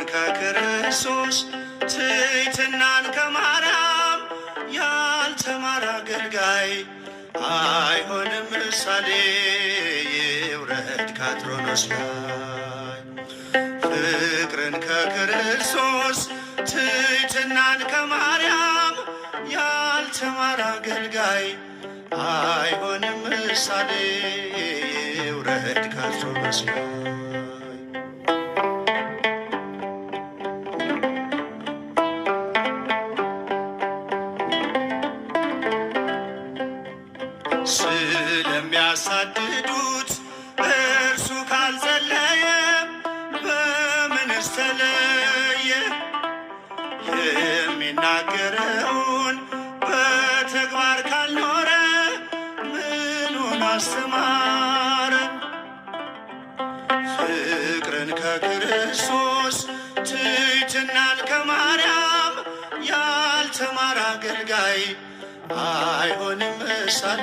ፍቅርን ከክርስቶስ ትሕትናን ከማርያም ያልተማረ አገልጋይ አይሆንም ምሳሌ ካትሮኖስ ላይ ፍቅርን ከክርስቶስ ከማርያም ያልተማረ አገልጋይ አይሆንም ምሳሌ ካትሮኖስ ላይ ስለሚያሳድዱት እርሱ ካልጸለየ በምንስ ተለየ? የሚናገረውን በተግባር ካልኖረ ምኑን አስተማረ? ፍቅርን ከክርስቶስ ትሕትናን ከማርያም ያልተማረ አገልጋይ አይሆንም ምሳሌ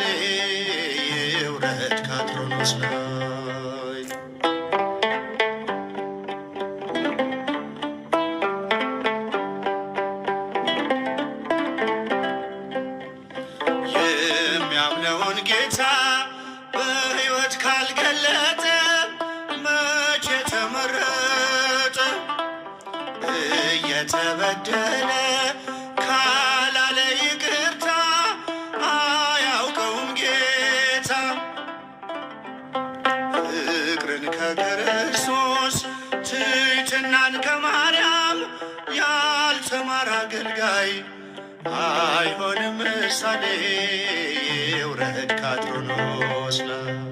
የውረድ ካትሮኖስ ላይ የሚያምነውን ጌታ በሕይወት ካልገለጠ መቼ ተመረጠ እየተበደለ ፍቅርን ከክርስቶስ ትሕትናን ከማርያም ያልተማረ አገልጋይ አይሆንም ምሳሌ የውረድ ካትሮኖስ ነው።